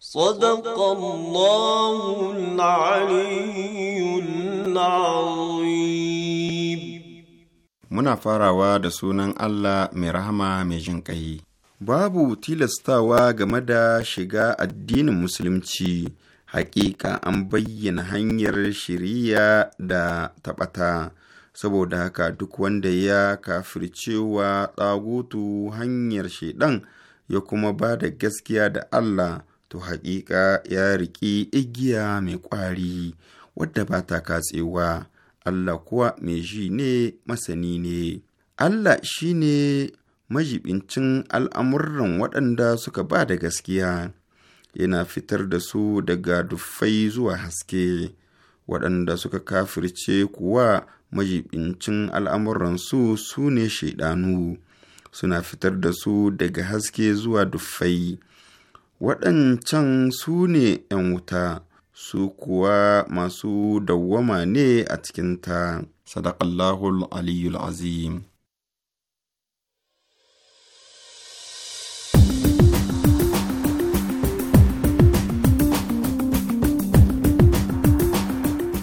صدق الله العلي العظيم Muna farawa da sunan Allah mai rahama mai jin ƙai. Babu tilastawa game da shiga addinin Musulunci, haƙiƙa an bayyana hanyar shiriya da taɓata. saboda haka duk wanda ya kafircewa tsagutu hanyar shaidan ya kuma ba da gaskiya da Allah to haƙiƙa ya riƙi igiya mai ƙwari wadda ba ta katsewa Allah kuwa mai ji ne masani ne Allah shi ne majibincin al'amuran waɗanda suka ba da gaskiya yana fitar da su daga duffai zuwa haske waɗanda suka kafirce kuwa majibincin al'amuransu su ne shaidanu suna fitar da su daga haske zuwa duffai waɗancan su ne ‘yan wuta su kuwa masu dawwama ne a cikinta sadakallahul aliyul azim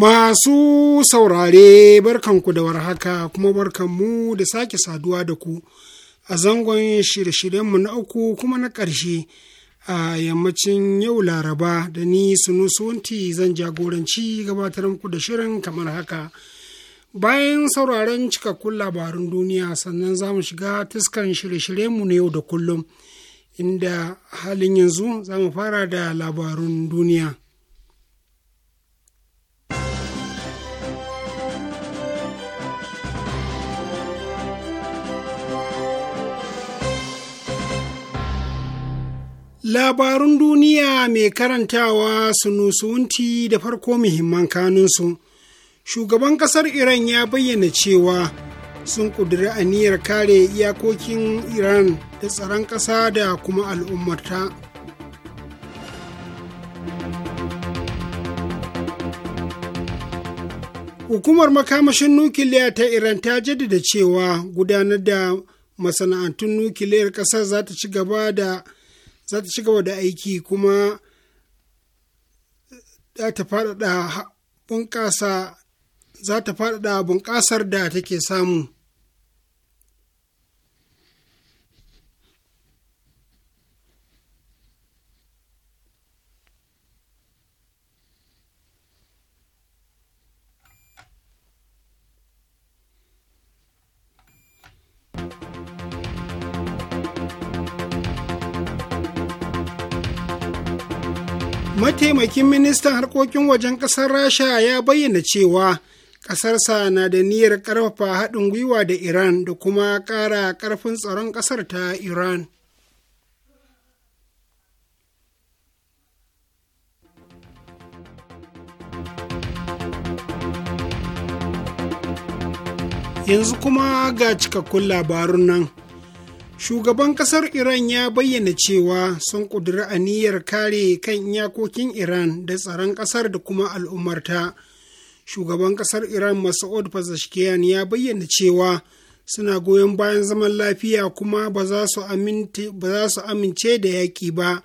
Masu saurare barkanku da warhaka kuma barkanmu da sake saduwa da ku a zangon shirye-shiryenmu na uku kuma na ƙarshe a yammacin yau laraba da ni sunusunti zan jagoranci gabatar muku da shirin kamar haka. Bayan sauraron cikakkun labarun duniya sannan za mu shiga tuskan shirye-shiryenmu na yau da kullum inda halin yanzu za mu fara da labarun duniya. Labarun duniya mai karantawa su sunusunti da farko muhimman kanunsu. Shugaban ƙasar Iran ya bayyana cewa sun ƙudiri aniyar kare iyakokin Iran da tsaron ƙasa da kuma al'ummarta. Hukumar makamashin nukiliya ta Iran ta jaddada cewa gudanar da masana'antun nukiliyar ƙasar za ta ci gaba da za ta ci gaba da aiki kuma za ta faɗaɗa za faɗaɗa bunƙasar da take samu mataimakin ministan harkokin wajen ƙasar rasha ya bayyana cewa ƙasarsa na da niyyar ƙarfafa haɗin gwiwa da iran da kuma ƙara ƙarfin tsaron ƙasar ta iran yanzu kuma ga cikakkun labarun nan shugaban kasar iran ya bayyana cewa sun ƙudiri aniyar kare kan iyakokin iran da tsaron kasar da kuma al'ummarta shugaban kasar iran masaud pezeshkian ya bayyana cewa suna goyon bayan zaman lafiya kuma ba za su amince da yaƙi ba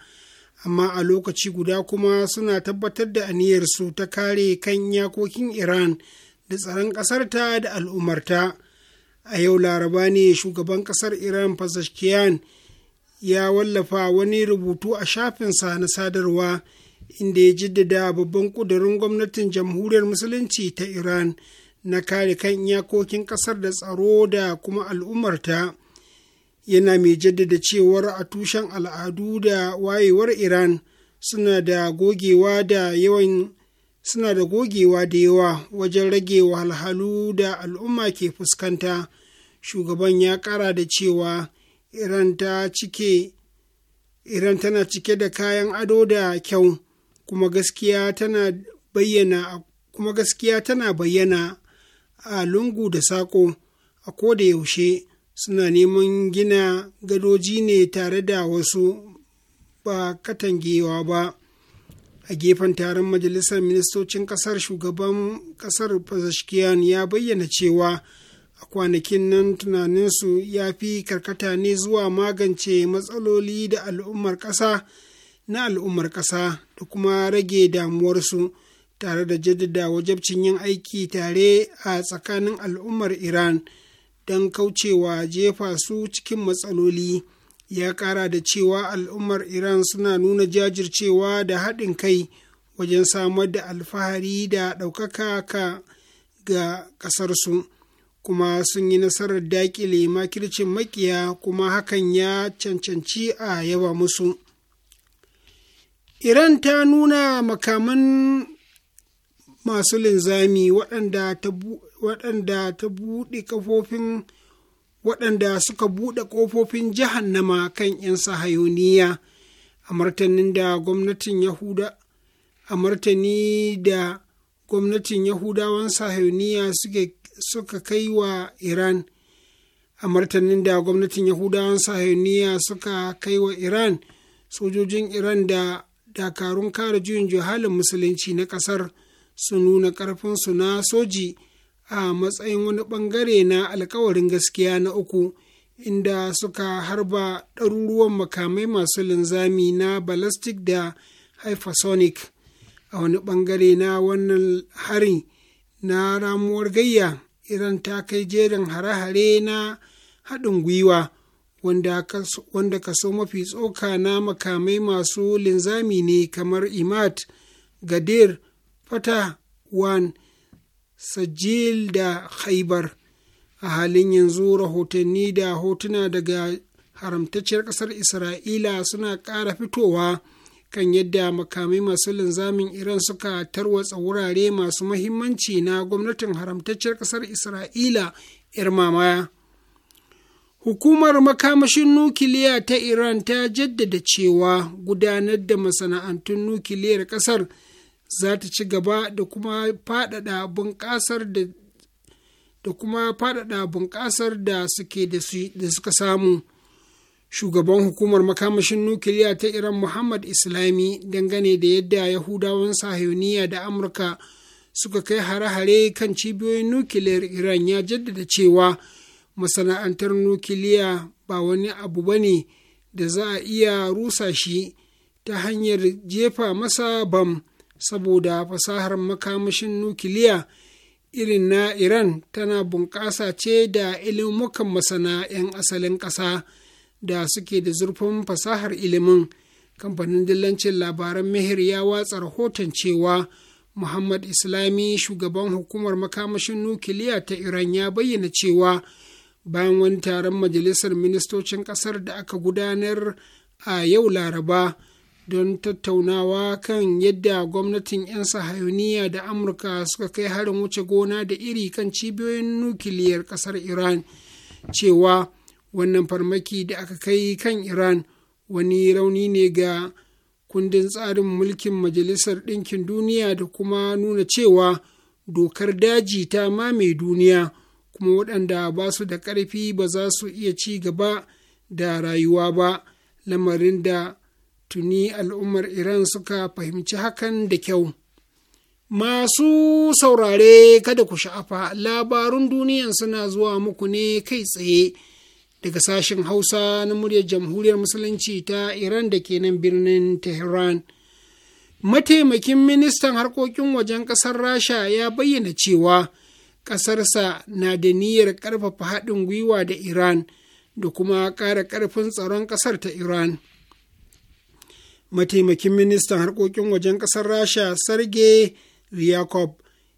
amma a lokaci guda kuma suna tabbatar da aniyarsu ta kare kan iyakokin iran da tsaron ƙasarta da al'ummarta. a yau laraba ne shugaban kasar iran fasashkiyan ya wallafa wani rubutu a shafinsa na sadarwa inda ya jaddada babban ƙudurin gwamnatin jamhuriyar musulunci ta iran na kare kan iyakokin kasar da tsaro da kuma al'ummarta yana mai jaddada cewar a tushen al'adu da wayewar iran suna da gogewa da yawan suna da gogewa da yawa wajen rage wahalhalu da al'umma ke fuskanta shugaban ya kara da cewa iran tana cike da kayan ado da kyau kuma gaskiya tana bayyana kuma gaskiya tana bayyana a lungu da saƙo a koda yaushe suna neman gina gadoji ne tare da wasu ba katangewa ba a gefen taron majalisar ministocin kasar shugaban kasar pazashkiyan ya bayyana cewa a kwanakin nan tunaninsu ya fi karkata ne zuwa magance matsaloli da al'ummar kasa na al'ummar kasa da kuma rage damuwarsu tare da jaddada wajabcin yin aiki tare a tsakanin al'ummar iran don kaucewa jefa su cikin matsaloli. ya ƙara da cewa al'ummar iran suna nuna jajircewa da haɗin kai wajen samar da alfahari da ɗaukaka ka ga ƙasarsu kuma sun yi nasarar daƙile makircin makiya kuma hakan ya cancanci a yaba musu iran ta nuna makaman masu linzami waɗanda ta buɗe kafofin waɗanda suka buɗe ƙofofin jahannama kan 'yan sahayoniya a martanin da gwamnatin yahuda a martani da gwamnatin yahudawan sahayoniya suka kai wa iran a martanin da gwamnatin yahudawan sahayoniya suka kai wa iran sojojin iran da dakarun kare juyin juhalin musulunci na ƙasar su nuna ƙarfinsu na soji a matsayin wani bangare na alkawarin gaskiya na uku inda suka harba ɗaruruwan makamai masu linzami na ballistic da hypersonic a wani bangare na wannan hari na ramuwar gayya iran ta kai jerin hare-hare na haɗin gwiwa wanda kaso mafi tsoka na makamai masu linzami ne kamar imat gadir fata 1 sajil da haibar a halin yanzu rahotanni da hotuna daga haramtacciyar ƙasar isra'ila suna ƙara fitowa kan yadda makamai masu linzamin iran suka tarwatsa wurare masu mahimmanci na gwamnatin haramtacciyar ƙasar isra'ila 'yar mamaya Hukumar makamashin nukiliya ta Iran ta jaddada cewa gudanar da masana'antun nukiliyar ƙasar za ta ci gaba da kuma faɗaɗa bunƙasar da da suke da suka samu shugaban hukumar makamashin nukiliya ta iran muhammad islami dangane da yadda yahudawan sahiyoniya da amurka suka kai hare-hare kan cibiyoyin nukiliyar iran ya jaddada cewa masana'antar nukiliya ba wani abu ba ne da za a iya rusa shi ta hanyar jefa masa bam. saboda fasahar makamashin nukiliya irin na iran tana bunƙasa ce da ilimukan masana 'yan asalin ƙasa da suke da zurfin fasahar ilimin kamfanin dillancin labaran mehir ya watsa rahoton cewa muhammad islami shugaban hukumar makamashin nukiliya ta iran ya bayyana cewa bayan wani taron majalisar ministocin ƙasar da aka gudanar a yau laraba don tattaunawa kan yadda gwamnatin 'yan sahayoniya da amurka suka kai harin wuce gona da iri kan cibiyoyin nukiliyar kasar iran cewa wannan farmaki da aka kai kan iran wani rauni ne ga kundin tsarin mulkin majalisar ɗinkin duniya da kuma nuna cewa dokar daji ta mame duniya kuma waɗanda ba su da ƙarfi ba za su iya ci gaba da rayuwa ba lamarin da tuni al'ummar iran suka fahimci hakan da kyau masu saurare kada ku sha'afa labarun duniyan suna zuwa muku ne kai tsaye daga sashen hausa na muryar jamhuriyar musulunci ta iran da ke nan birnin tehran mataimakin ministan harkokin wajen ƙasar rasha ya bayyana cewa ƙasarsa na da niyyar ƙarfafa haɗin gwiwa da iran da kuma ƙara ƙarfin tsaron ƙasar ta iran mataimakin ministan harkokin wajen ƙasar rasha sarge ryakov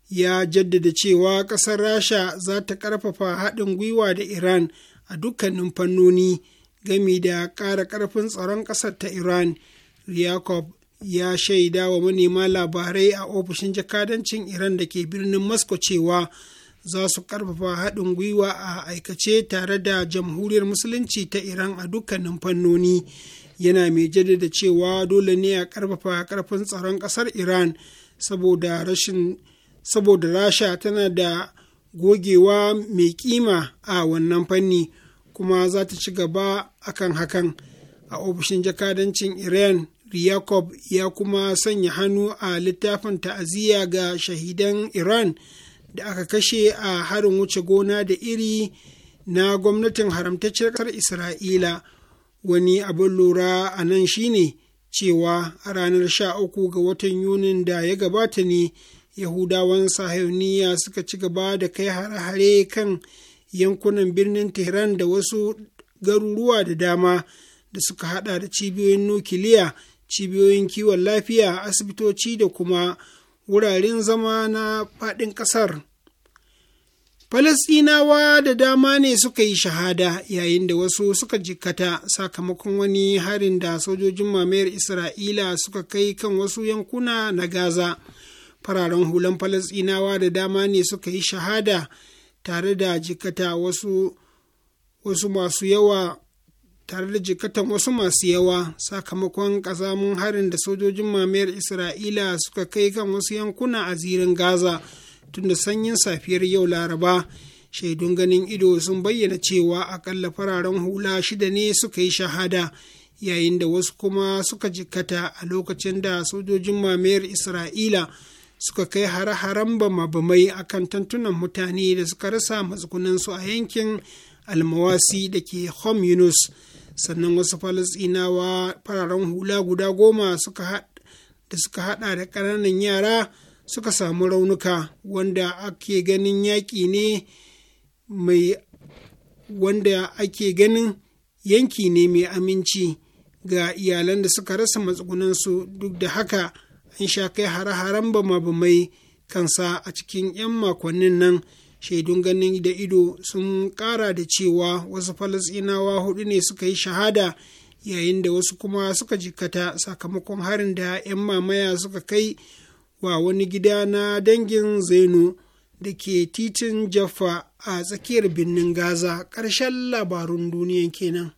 ya jaddada cewa ƙasar rasha za ta ƙarfafa haɗin gwiwa da iran a dukkanin fannoni gami da ƙara ƙarfin tsaron ƙasar ta iran ryakov ya shaida wa manema labarai a ofishin jakadancin iran da ke birnin moscow cewa za su ƙarfafa haɗin gwiwa a aikace tare da jamhuriyar musulunci ta iran a dukkanin fannoni yana mai jaddada cewa dole ne a karfafa ƙarfin tsaron ƙasar iran saboda rashin saboda rasha tana da gogewa mai kima a wannan fanni kuma za ta ci gaba akan hakan a ofishin jakadancin iran Riyakob ya kuma sanya hannu a littafin ta'aziyya ga shahidan Iran da aka kashe a harin wuce gona da iri na gwamnatin haramtacciyar ƙasar Isra'ila wani abin lura a nan shine cewa a ranar sha uku ga watan yunin da ya gabata ne yahudawan sahiyoniya suka ci gaba da kai hare-hare kan yankunan birnin tehran da wasu garuruwa da dama da suka hada da cibiyoyin nukiliya cibiyoyin kiwon lafiya asibitoci da kuma wuraren zama na faɗin ƙasar Falasɗinawa da dama ne suka yi shahada yayin da wasu suka jikata sakamakon wani harin da sojojin mamayar Isra'ila suka kai kan wasu yankuna na Gaza. Fararen hulan Falasɗinawa da dama ne suka yi shahada tare da jikata wasu, wasu masu yawa tare da jikatan wasu masu yawa sakamakon ƙazamin harin da sojojin mamayar Isra'ila suka kai kan wasu yankuna a zirin Gaza. tunda sanyin safiyar yau laraba shaidun ganin ido sun bayyana cewa akalla fararen hula shida ne suka yi shahada yayin da wasu kuma suka jikkata a lokacin da sojojin mamayar isra'ila suka kai hare-haren bama-bamai a kan tantunan mutane da suka rasa matsugunansu a yankin almawasi da ke hom yunus sannan wasu falasinawa fararen hula guda goma da suka hada da ƙananan yara suka samu raunuka wanda ake ganin yaƙi ne mai wanda ake ganin yanki ne mai aminci ga iyalan da suka rasa matsugunansu duk da haka an sha kai hare-haren bama-bamai kansa a cikin 'yan makonnin nan shaidun ganin da ido sun ƙara da cewa wasu falasinawa hudu ne suka yi shahada yayin da wasu kuma suka jikkata sakamakon harin da 'yan mamaya suka kai wa wani gida na dangin zainu da ke titin jaffa a tsakiyar birnin gaza ƙarshen labarun duniya kenan.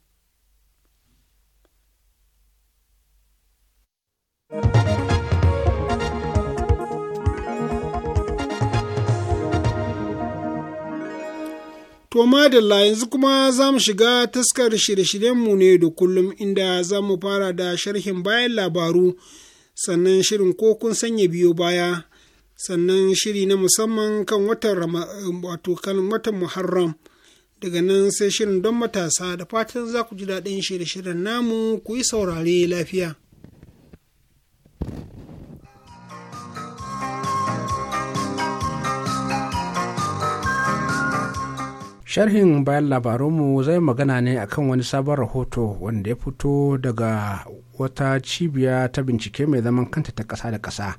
To madalla yanzu kuma za mu shiga taskar shirye-shiryenmu ne da kullum inda za mu fara da sharhin bayan labaru sannan shirin ko kun sanya biyo baya sannan shiri na musamman kan watan muharram daga nan sai shirin don matasa da fatan za ku ji daɗin shirye-shiryen namu ku yi saurare lafiya sharhin bayan labarunmu zai magana ne akan wani sabon rahoto wanda ya fito daga wata cibiya ta bincike mai zaman kanta ta kasa da kasa,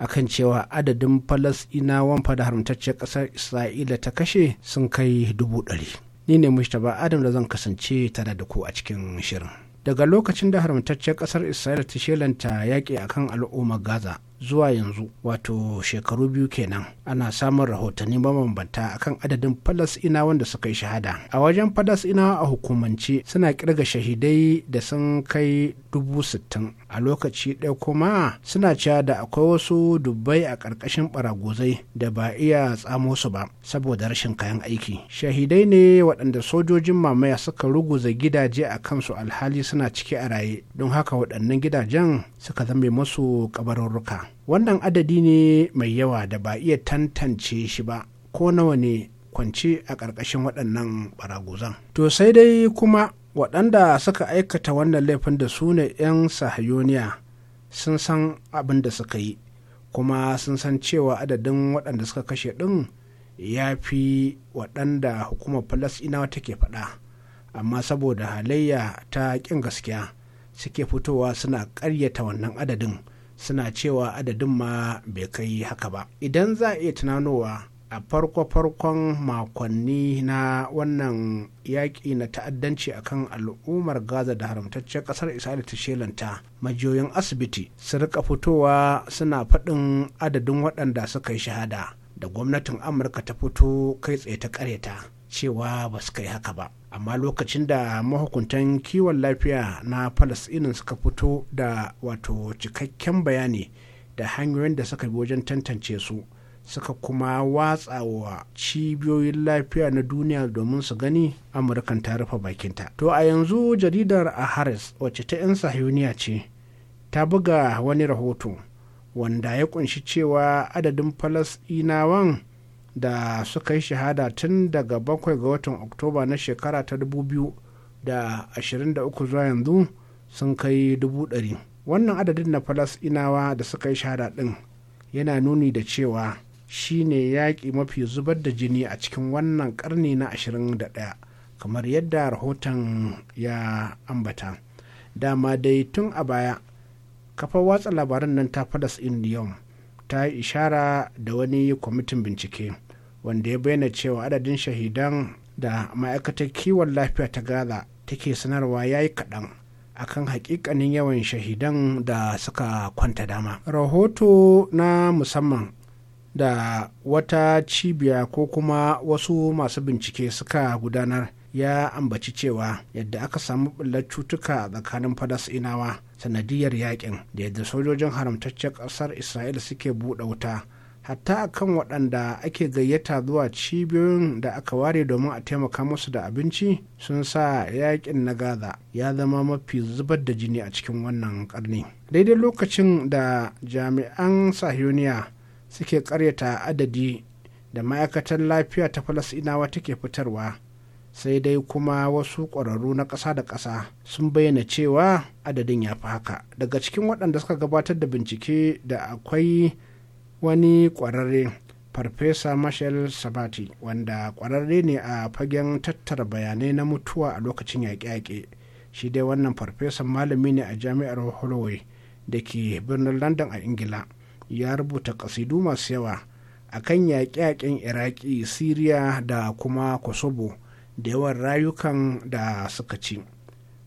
akan cewa adadin falasɗinawan fada haramtacciyar ƙasar isra'ila ta kashe sun kai dubu ɗari ni ne mustapha adam da zan kasance tare da ku a cikin shirin daga lokacin da haramtacciyar ƙasar isra'ila ta shelanta yaƙi akan al'ummar gaza zuwa yanzu wato shekaru biyu kenan ana samun rahotanni mabambanta akan adadin falasina wanda suka yi shahada a wajen inawa a hukumance suna kirga shahidai da sun kai dubu sittin a lokaci ɗaya kuma suna cewa da akwai wasu dubbai a ƙarƙashin ɓaragozai da ba iya tsamo su ba saboda rashin kayan aiki shahidai ne waɗanda sojojin mamaya suka ruguza gidaje a kansu alhali suna ciki a raye don haka waɗannan gidajen suka zame musu ƙabarurruka. wannan adadi ne mai yawa da ba iya tantance shi ba ko nawa ne kwance a ƙarƙashin waɗannan ɓaragozan to sai dai kuma waɗanda suka aikata wannan laifin da su ne 'yan sahayoniya sun san abin da suka yi kuma sun san cewa adadin waɗanda suka kashe ɗin ya fi waɗanda hukumar falasɗinawa take faɗa amma saboda halayya ta ƙin gaskiya suke fitowa suna ƙaryata wannan adadin suna cewa adadin ma bai kai haka ba idan za a iya tunanowa a farko-farkon makonni na wannan yaƙi na ta'addanci akan al'ummar gaza da haramtaccen ƙasar isra'ila ta shelanta majiyoyin asibiti su rika fitowa suna faɗin adadin waɗanda suka yi shahada da gwamnatin amurka ta fito kai tsaye ta ƙareta cewa ba su kai haka ba amma lokacin da mahukuntan kiwon lafiya na falasɗinin suka fito da wato cikakken bayani da hanyoyin da suka bi wajen tantance su suka kuma watsa wa cibiyoyin lafiya na duniya domin su gani amurkan ta rufe bakinta to a yanzu jaridar a harris wacce ta 'yan sahiyoniya ce ta buga wani rahoto wanda ya kunshi cewa adadin falasinawan da suka yi shahada tun daga bakwai ga watan oktoba na shekara ta 2023 zuwa yanzu sun kai dubu ɗari wannan adadin na falasɗinawa da suka yi shahada ɗin yana nuni da cewa shine yaƙi mafi zubar da jini a cikin wannan ƙarni na 21 kamar yadda rahoton ya ambata dama dai tun a baya kafa watsa labaran nan ta fadas indiyom ta yi ishara da wani kwamitin bincike wanda ya bayyana cewa adadin shahidan da ma'aikatar kiwon lafiya ta gaza take sanarwa ya yi kaɗan akan hakikanin yawan shahidan da suka kwanta dama rahoto na musamman da wata cibiya ko kuma wasu masu bincike suka gudanar ya ambaci cewa yadda aka samu ɓullar cutuka a tsakanin inawa sanadiyar yakin da yadda sojojin haramtaccen ƙasar isra'ila suke buɗe wuta hatta akan waɗanda ake gayyata zuwa cibiyoyin da aka ware domin a taimaka musu da abinci sun sa yakin na gaza ya zama mafi zubar da jini a cikin wannan ƙarni daidai lokacin da jami'an sahiyoniya suke karyata adadi da ma'aikatan lafiya ta falasinawa take fitarwa sai dai kuma wasu ƙwararru na ƙasa da ƙasa sun bayyana cewa adadin ya fi haka daga cikin waɗanda suka gabatar da bincike da akwai wani ƙwararre farfesa marshal sabati wanda ƙwararre ne a fagen tattara bayanai na mutuwa a lokacin yaƙe-yaƙe shi dai wannan farfesan malami ne a jami'ar holloway da ke birnin london a ingila ya rubuta kasidu masu yawa a kan yaƙe-yaƙen iraki siriya da kuma kosovo da yawan rayukan da suka ci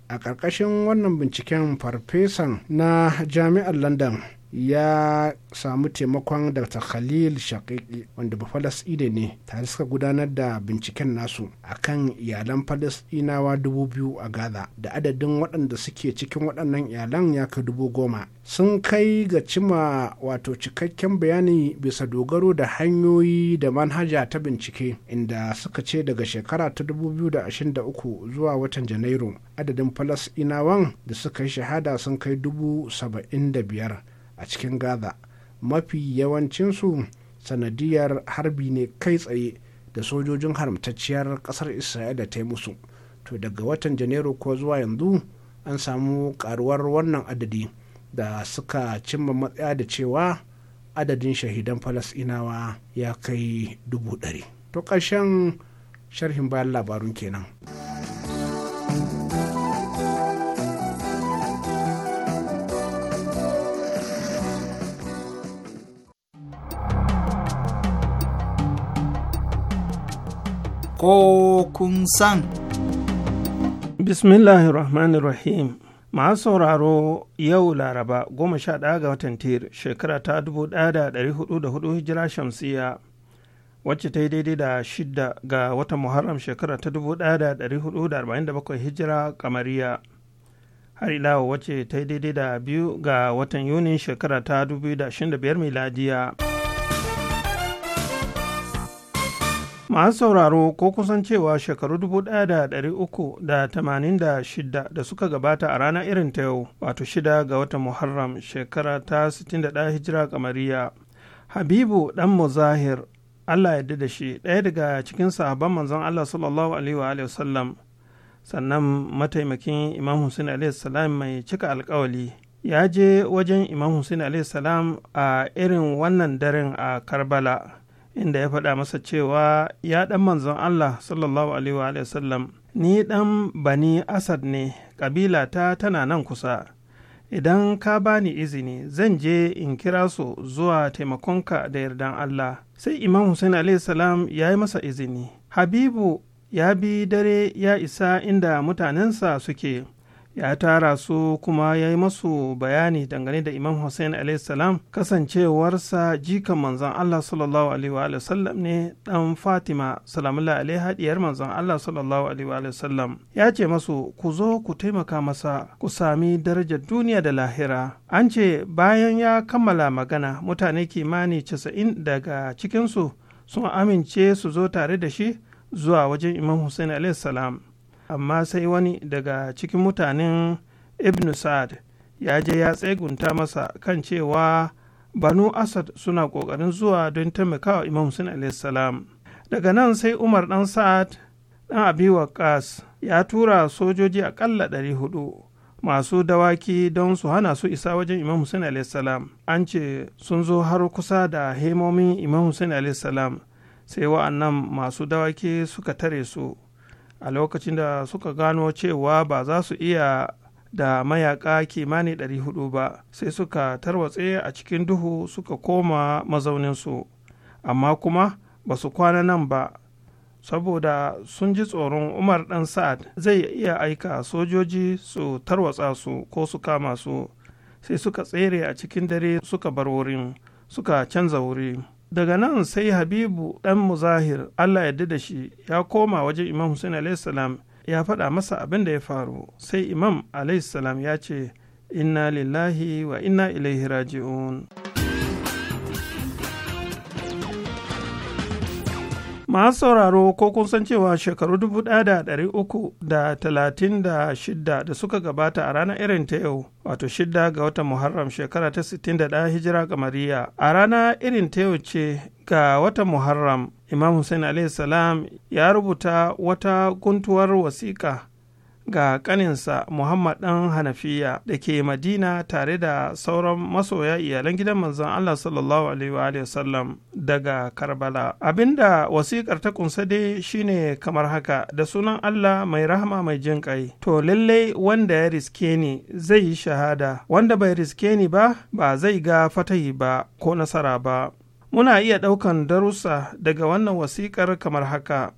a ƙarƙashin wannan binciken farfesan na jami'ar london ya samu taimakon dr khalil shakiki wanda ba falasɗine ne tare suka gudanar da binciken nasu a kan iyalan falasɗinawa dubu biyu a gaza da adadin waɗanda suke cikin waɗannan iyalan ya kai dubu goma sun kai ga cima wato cikakken bayani bisa dogaro da hanyoyi da manhaja ta bincike inda suka ce daga shekara ta 2023 zuwa watan janairu adadin falasɗinawan da suka yi shahada sun kai dubu saba'in da biyar a cikin gaza mafi yawancinsu sanadiyar harbi ne kai tsaye da sojojin haramtacciyar kasar isra'ila ta yi musu to daga watan janairu ko zuwa yanzu an samu karuwar wannan adadi da suka cimma matsaya da cewa adadin shahidan falasinawa ya kai dubu ɗari to ƙarshen sharhin bayan labarun kenan. ko kun san. Bismillahirrahmanirrahim. Masu sauraro yau Laraba goma sha ɗaya ga watan Tir shekara ta dubu ɗaya da ɗari hudu da hudu hijira shamsiya wacce ta yi daidai da shidda ga watan Muharram shekara ta dubu ɗaya da ɗari hudu da arba'in da bakwai hijira kamariya. Har ilawa wacce ta yi daidai da biyu ga watan Yunin shekara ta dubu da ashirin da biyar miladiya. masu sauraro ko kusan cewa shekaru 1386 da suka gabata a ranar irin ta yau wato shida ga wata muharram shekara ta 61 hijira kamariya habibu dan muzahir allah ya da shi ɗaya daga cikin sahabban manzon allah sallallahu alaihi wa sallam sannan mataimakin imam hussein alaihi salam mai cika alkawali ya je wajen imam hussein alaihi salam a irin wannan daren a karbala inda ya faɗa masa cewa ya ɗan manzon Allah sallallahu alaihi wa sallam ni ɗan bani Asad ne ƙabila ta tana nan kusa idan ka bani izini zan je in kira su zuwa taimakonka da yardan Allah sai Imam Hussein salam ya yi masa izini Habibu ya bi dare ya isa inda mutanensa suke ya tara su kuma ya yi masu bayani dangane da imam hussein salam kasancewarsa jikan manzon allah sallallahu alaihi sallam ne dan fatima salamullah alaihi hadiyar manzon allah sallallahu alaihi sallam ya ce masu ku zo ku taimaka masa ku sami darajar duniya da lahira an ce bayan ya kammala magana mutane kimani casa'in daga cikinsu sun amince su zo tare da shi zuwa wajen imam hussein salam amma sai wani daga cikin mutanen ibn sa'ad ya je ya tsegunta masa kan cewa banu asad suna ƙoƙarin zuwa don taimakawa imam Hussein salam daga nan sai umar dan sa'ad dan abiwakas waqas ya tura sojoji aƙalla ɗari hudu masu dawaki don su hana su isa wajen imam Hussein salam an ce sun zo har kusa da hemomin imam Hussein salam sai wa'annan masu dawaki suka tare su a lokacin da suka gano cewa ba za su iya da mayaka kimanin 400 ba sai suka tarwatse a cikin duhu suka koma mazauninsu amma kuma ba su kwana nan ba saboda sun ji tsoron umar dan sa'ad zai iya aika sojoji su tarwatsa su ko su kama su sai suka tsere a cikin dare suka bar wurin suka canza wuri daga nan sai habibu ɗan muzahir allah ya da shi ya koma wajen imam hussein alaihissalam ya faɗa masa abin da ya faru sai imam alaihissalam ya ce inna lillahi wa inna ilaihi raji'un. masu sauraro ko kun san cewa shekaru dubu da da da da uku talatin shidda suka gabata a ranar irin ta yau wato shidda ga watan muharram shekara ta sittin da ɗaya hijira ga mariya a rana irin ta yau ce ga watan muharram imam hussein salam ya rubuta wata guntuwar wasiƙa ga kaninsa Muhammad ɗan Hanafiya da ke Madina tare da sauran masoya iyalan gidan manzon Allah sallallahu alaihi wasallam daga Karbala. Abinda wasikar ta kunsa dai shine kamar haka da sunan Allah mai rahma mai jin kai. To lallai wanda ya riske ni zai yi shahada, wanda bai riske ni ba ba zai ga fatahi ba ko nasara ba. Muna iya ɗaukan darussa daga wannan wasiƙar kamar haka.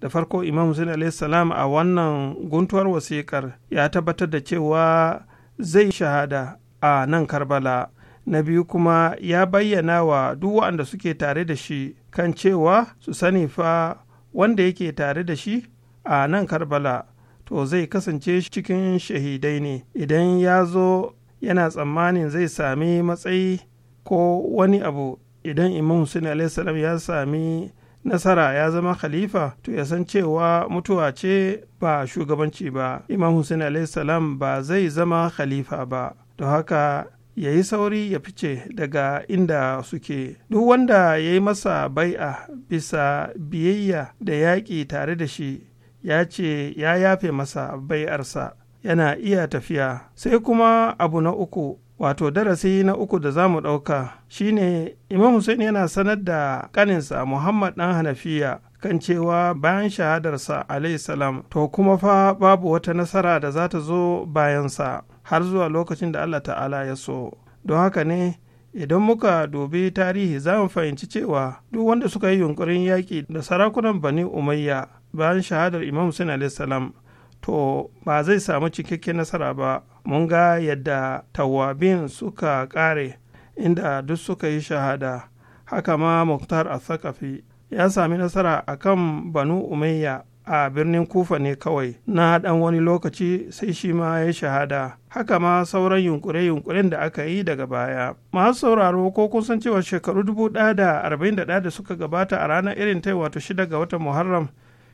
da farko imam hussein salam a wannan guntuwar wasikar ya tabbatar da cewa zai shahada a nan karbala na biyu kuma ya bayyana wa duk waɗanda suke tare da shi kan cewa su sani fa wanda yake tare da shi a nan karbala to zai kasance cikin shahidai ne idan ya zo yana tsammanin zai sami matsayi ko wani abu idan imam hussein salam ya sami nasara ya zama khalifa to ya san cewa mutuwa ce ba shugabanci ba imam hussein salam ba zai zama khalifa ba To haka ya yi sauri ya fice daga inda suke duk wanda ya yi masa bai'a bisa biyayya da yaƙi tare da shi ya ce ya yafe masa bai'arsa yana iya tafiya sai kuma abu na uku wato darasi na uku da za mu ɗauka shine imam hussein yana sanar da kaninsa muhammad Dan hanafiya kan cewa bayan shahadarsa salam to kuma fa babu wata nasara da za ta zo bayansa har zuwa lokacin da allah ta'ala ya so don haka ne idan muka dubi tarihi za mu fahimci cewa duk wanda suka yi yunkurin yaƙi da sarakunan bani umayya bayan shahadar imam hussein salam to ba zai samu cikakken nasara ba mun ga yadda tawabin suka kare. inda duk suka yi shahada haka ma muktar asakafi ya sami nasara a kan banu umayya a birnin kufa ne kawai na dan wani lokaci sai shi ma ya shahada haka ma sauran yunkure-yunkuren da aka yi daga baya masu sauraro ko kun san cewa shekaru dubu da arba'in da suka gabata a ranar irin ta wato shida ga watan muharram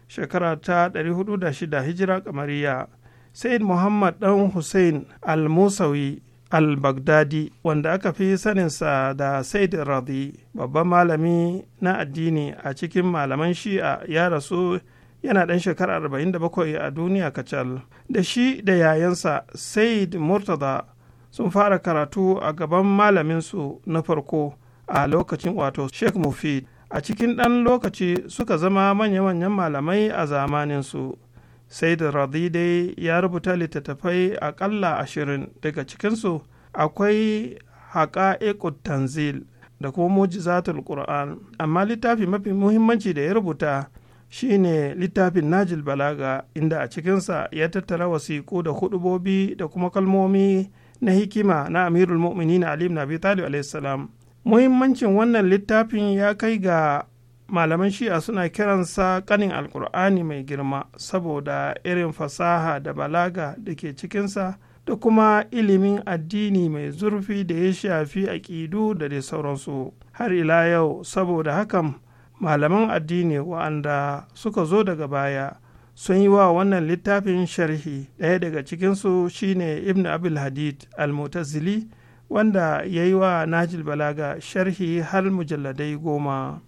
shekara ta 406 hijira kamariya Sayyid muhammad dan hussein al-musawi al-baghdadi wanda aka fi saninsa da Sayyid radi babban malami na addini a cikin malaman shi'a ya rasu yana ɗan shekara 47 a duniya kacal da shi da yayansa Sayyid murtada sun fara karatu a gaban malaminsu na farko a lokacin wato sheikh mufid a cikin ɗan lokaci suka zama manya-manyan malamai a zamaninsu sai da radidai ya rubuta littattafai aƙalla ashirin daga cikinsu akwai haƙa tanzil da kuma mujizatul qur'an amma littafi mafi muhimmanci da ya rubuta shine littafin najil balaga inda a cikinsa ya tattara wasiƙu da hudubobi da kuma kalmomi na hikima na amirul mu'minin ali ibn abi talib alaihi muhimmancin wannan littafin ya kai ga malaman shi'a suna kiransa kanin alkur'ani mai girma saboda irin fasaha da balaga da ke cikinsa da kuma ilimin addini mai zurfi da ya shafi aƙidu da dai sauransu har ila yau saboda hakan malaman addini wa'anda suka zo daga baya sun yi wa wannan littafin sharhi ɗaya daga cikinsu shine ibn abul hadid al-mutazili wanda ya yi wa najil balaga sharhi har mujalladai goma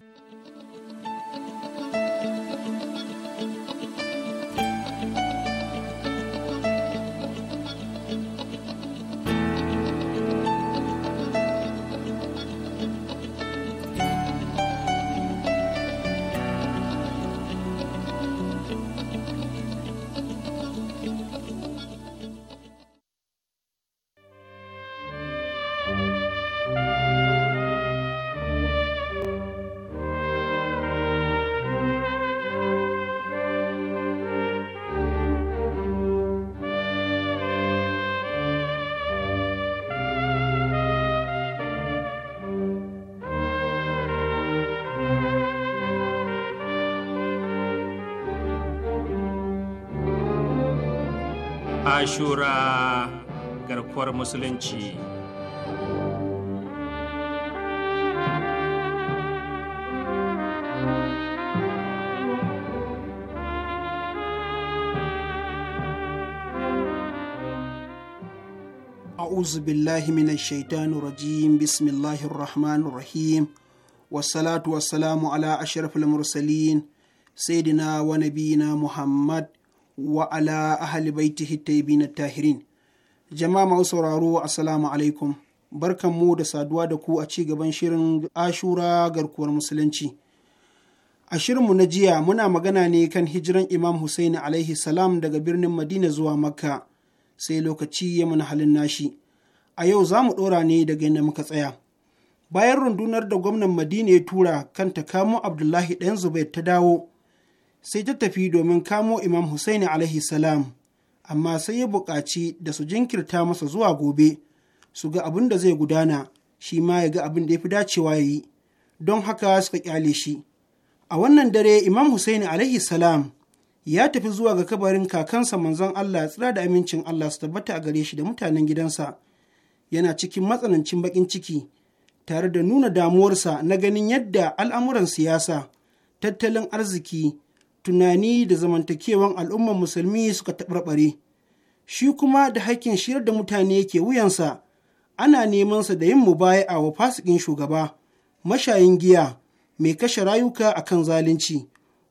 ashura garkuwar musulunci أعوذ بالله من الشيطان الرجيم بسم الله الرحمن الرحيم والصلاة والسلام على أشرف المرسلين سيدنا ونبينا محمد wa ala ahli baitihi tayyibin tahirin jama'a masu sauraro assalamu alaikum barkan mu da saduwa da ku a ci gaban shirin ashura garkuwar musulunci a shirinmu na jiya muna magana ne kan hijiran imam Hussein alaihi salam daga birnin madina zuwa makka sai lokaci ya mana halin nashi a yau za mu ɗora ne daga inda muka tsaya bayan rundunar da gwamnan madina ya tura kan ta kamo abdullahi ɗan zubair ta dawo sai ta tafi domin kamo Imam Hussaini alaihi salam, amma sai ya buƙaci da su jinkirta masa zuwa gobe, su ga abin da zai gudana, shi ma ya ga abin da ya fi dacewa ya yi, don haka suka kyale shi. A wannan dare Imam Hussaini alaihi salam ya tafi zuwa ga kabarin kakansa manzon Allah tsira da amincin Allah su tabbata a gare shi da mutanen gidansa, yana cikin matsanancin baƙin ciki. tare da nuna damuwarsa na ganin yadda al'amuran siyasa, tattalin arziki, tunani da zamantakewan al'ummar musulmi suka taɓarɓare shi kuma da hakkin shirar da mutane ke wuyansa ana nemansa da yin mubaya'a wa fasikin shugaba mashayin giya mai kashe rayuka akan zalunci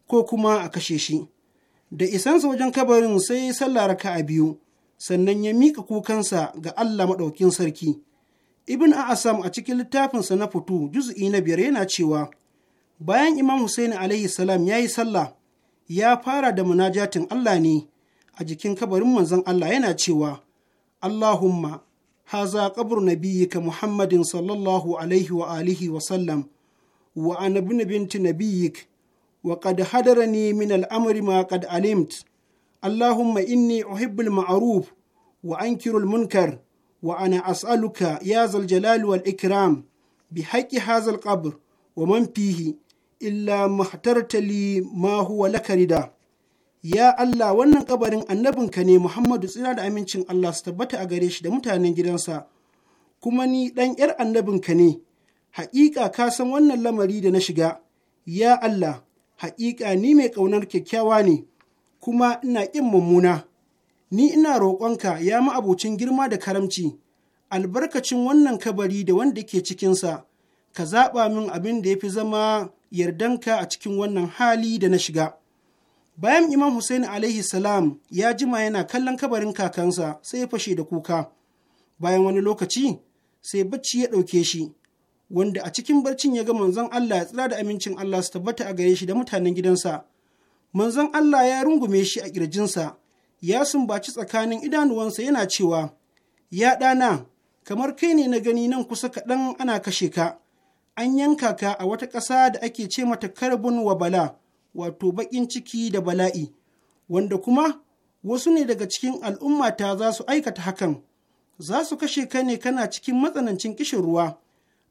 ko kuma a kashe shi da isansa wajen kabarin sai sallah raka a biyu sannan ya miƙa kukansa ga Allah maɗaukin sarki ibn a'asam a cikin littafinsa na fito juz'i na biyar yana cewa bayan imam husaini alaihi salam ya yi sallah ya fara da munajatin Allah ne a jikin kabarin manzon Allah yana cewa Allahumma haza qabru nabiyyika Muhammadin sallallahu alaihi wa alihi wa sallam wa ana binti nabiyyik wa qad hadarani min al-amri ma qad alimt Allahumma inni uhibbul ma'ruf wa ankirul munkar wa ana as'aluka ya zal jalali wal ikram bi haqqi hazal qabr wa man fihi illa mahtartali ma huwa lakarida ya Allah wannan kabarin annabinka ne Muhammadu tsira da amincin Allah su tabbata a gare shi da mutanen gidansa kuma ni ɗan ‘yar annabinka ne haƙiƙa ka san wannan lamari da na shiga ya Allah haƙiƙa ni mai ƙaunar kyakkyawa ne kuma ina ƙin mummuna ni ina roƙonka ya ma abocin girma da karamci albarkacin wannan kabari da wanda ke cikinsa ka zaɓa min abin da ya fi zama yardanka a cikin wannan hali da na shiga. Bayan Imam Hussein alaihi salam ya jima yana kallon kabarin kakansa sai ya fashe da kuka. Bayan wani lokaci sai bacci ya ɗauke shi, wanda a cikin barcin ya ga manzon Allah ya tsira da amincin Allah su tabbata a gare shi da mutanen gidansa. Manzon Allah ya rungume shi a ƙirjinsa, ya sumbaci tsakanin idanuwansa yana cewa, Ya ɗana, kamar kai ne na gani nan kusa kaɗan ana kashe ka, an yanka ka a wata ƙasa da ake ce mata karbun wa bala wato baƙin ciki da bala'i wanda kuma wasu ne daga cikin al'ummata za su aikata hakan za su kashe ka ne kana cikin matsanancin kishin ruwa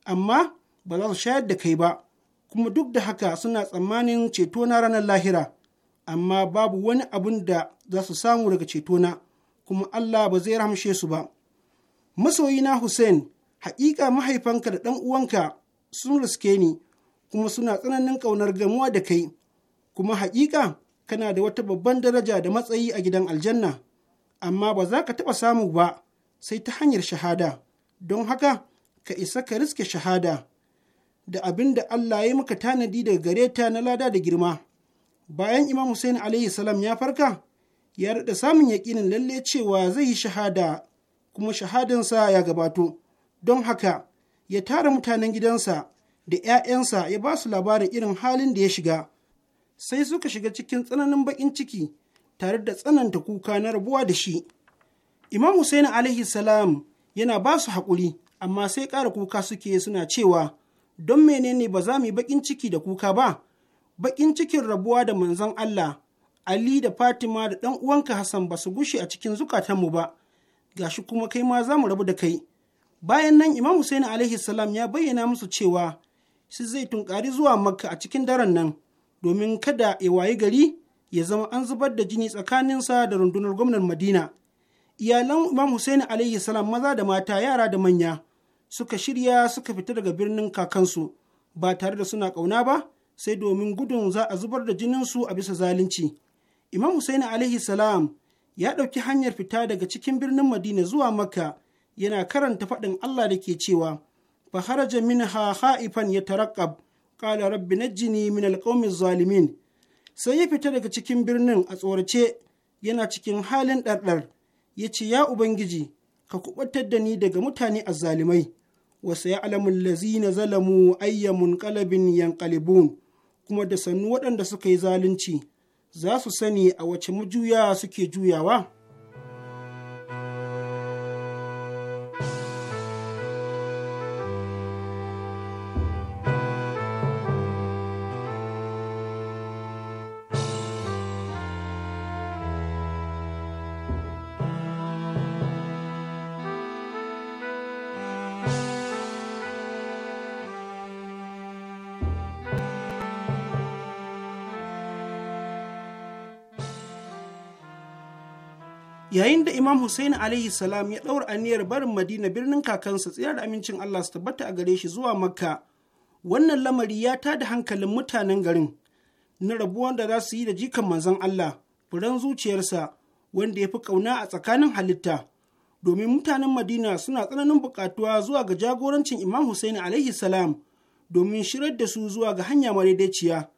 amma ba za su shayar da kai ba kuma duk da haka suna tsammanin ceto na ranar lahira amma babu wani abun da za su samu daga cetona kuma Allah ba zai rahamshe su ba masoyina Hussein haƙiƙa mahaifanka da ɗan uwanka sun riske ni kuma suna tsananin ƙaunar gamuwa da kai kuma haƙiƙa kana da wata babban daraja da matsayi a gidan aljanna amma ba za ka taɓa samu ba sai ta hanyar shahada don haka ka isa ka riske shahada da abin da Allah ya muka tanadi daga gare ta na lada da girma bayan imam Hussein alaihi salam ya farka ya rada samun yaƙinin lalle cewa zai yi shahada kuma shahadansa ya gabato don haka ya tara mutanen gidansa da ‘ya'yansa ya ba su labarin irin halin da ya shiga, sai suka shiga cikin tsananin baƙin ciki tare da tsananta kuka na rabuwa da shi. Imam Hussein alaihi salam yana ba su haƙuri, amma sai ƙara kuka suke suna cewa, don menene ba za mu yi baƙin ciki da kuka ba, baƙin cikin rabuwa da manzon Allah, Ali da Fatima da ɗan uwanka Hassan ba su gushe a cikin zukatanmu ba, gashi kuma kai ma za mu rabu da kai. bayan nan imam Hussein alaihi salam ya bayyana musu cewa shi zai tunkari zuwa makka a cikin daren nan domin kada ya wayi gari ya zama an zubar da jini tsakaninsa da rundunar gwamnan madina iyalan imam Hussein alaihi salam maza da mata yara da manya suka shirya suka fita daga birnin kakansu ba tare da suna ƙauna ba sai domin gudun za a zubar da jininsu a bisa zalunci imam Hussein alaihi salam ya ɗauki hanyar fita daga cikin birnin madina zuwa makka yana karanta faɗin Allah da ke cewa fa haraja ha ha'ifan ya tarakab ƙala rabbi na jini min alqawmi zalimin sai ya fita daga cikin birnin a tsorace yana cikin halin ɗarɗar ya ce ya ubangiji ka kubatar da ni daga mutane a zalimai, wasu ya alamun lazina zalamu ayyamun ƙalabin yankalibun kuma da sannu waɗanda suka yi zalunci za su sani a wace mujuya suke juyawa yayin da imam hussein alaihi salam ya ɗaura aniyar barin madina birnin kakansa tsayar da amincin allah su tabbata a gare shi zuwa makka wannan lamari ya tada hankalin mutanen garin na rabuwan da za su yi da jikan manzon allah furen zuciyarsa wanda ya fi ƙauna a tsakanin halitta domin mutanen madina suna tsananin buƙatuwa zuwa ga jagorancin imam hussein alaihi salam domin shirar da su zuwa ga hanya madaidaiciya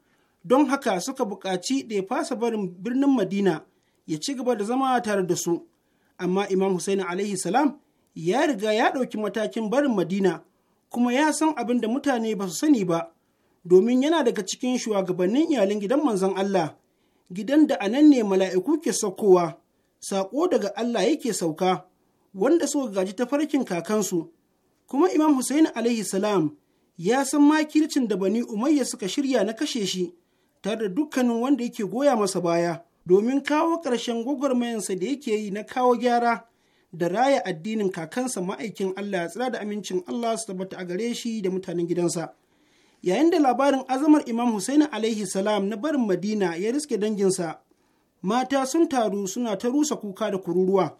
don haka suka buƙaci da ya fasa barin birnin madina ya ci gaba da zama tare da su amma imam Hussein alaihi salam ya riga ya ɗauki matakin barin madina kuma ya san abin da mutane ba su sani ba domin yana daga cikin shugabannin iyalin gidan manzon Allah gidan da anan ne mala'iku ke saukowa saƙo daga Allah yake sauka wanda suka gaji ta farkin kakansu kuma imam Hussein alaihi salam ya san makircin da bani umayya suka shirya na kashe shi tare da dukkanin wanda yake goya masa baya domin kawo ƙarshen gwagwarmayansa da yake yi na kawo gyara da raya addinin kakansa ma'aikin Allah ya tsira da amincin Allah su tabbata a gare shi da mutanen gidansa. Yayin da labarin azamar Imam Hussein alaihi salam na barin Madina ya riske danginsa, mata sun taru suna ta rusa kuka da kururuwa.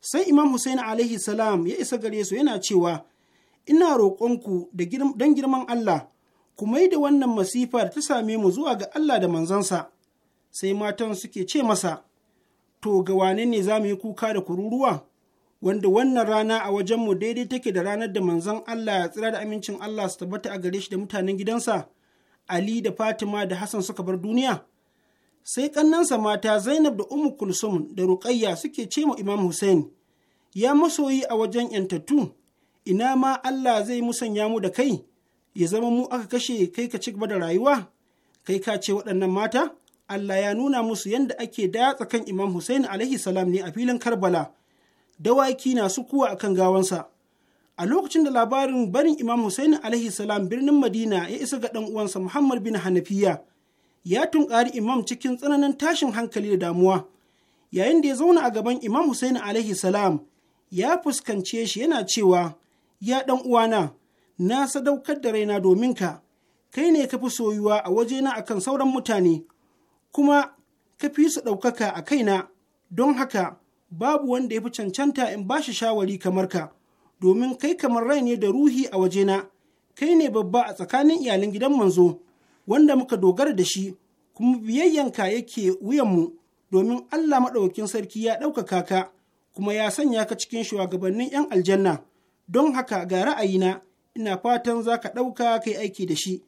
Sai Imam Hussein alaihi salam ya isa gare su yana cewa, Ina roƙonku don girman Allah, ku mai da wannan masifa da ta same mu zuwa ga Allah da manzansa. sai matan suke ce masa to ga wane ne za mu yi kuka da kururuwa wanda wannan rana a wajenmu daidai take da ranar da manzon Allah ya tsira da amincin Allah su tabbata a gare shi da mutanen gidansa Ali da Fatima da Hassan suka bar duniya sai ƙannansa mata Zainab da Ummu Kulsum da Ruqayya suke ce ma Imam Hussein ya masoyi a wajen yantattu ina ma Allah zai musanya mu da kai ya zama mu aka kashe kai ka ci gaba da rayuwa kai ka ce waɗannan mata Allah ya nuna musu yadda ake datsa kan Imam Hussein alaihi salam ne a filin Karbala, dawaki na sukuwa akan gawansa. A lokacin da labarin barin Imam Hussein alaihi salam birnin Madina ya isa ga ɗan uwansa Muhammad bin Hanafiya, ya tunkari Imam cikin tsananin tashin hankali da damuwa. Yayin da ya zauna a gaban Imam Hussein alaihi salam, ya fuskance shi yana cewa, Ya ɗan uwana, na sadaukar da raina domin ka, kai ne ka fi soyuwa a wajena akan sauran mutane. kuma ka fi su ɗaukaka a kaina don haka babu wanda ya fi cancanta in ba shi shawari kamar ka domin kai kamar rai ne da ruhi a wajena kai ne babba a tsakanin iyalin gidan manzo wanda muka dogara da shi kuma biyayyanka yake wuyanmu domin Allah maɗaukakin sarki ya ɗaukaka ka kuma ya sanya ka cikin shugabannin 'yan aljanna don haka ga ra'ayina ina fatan za ka ɗauka kai aiki da shi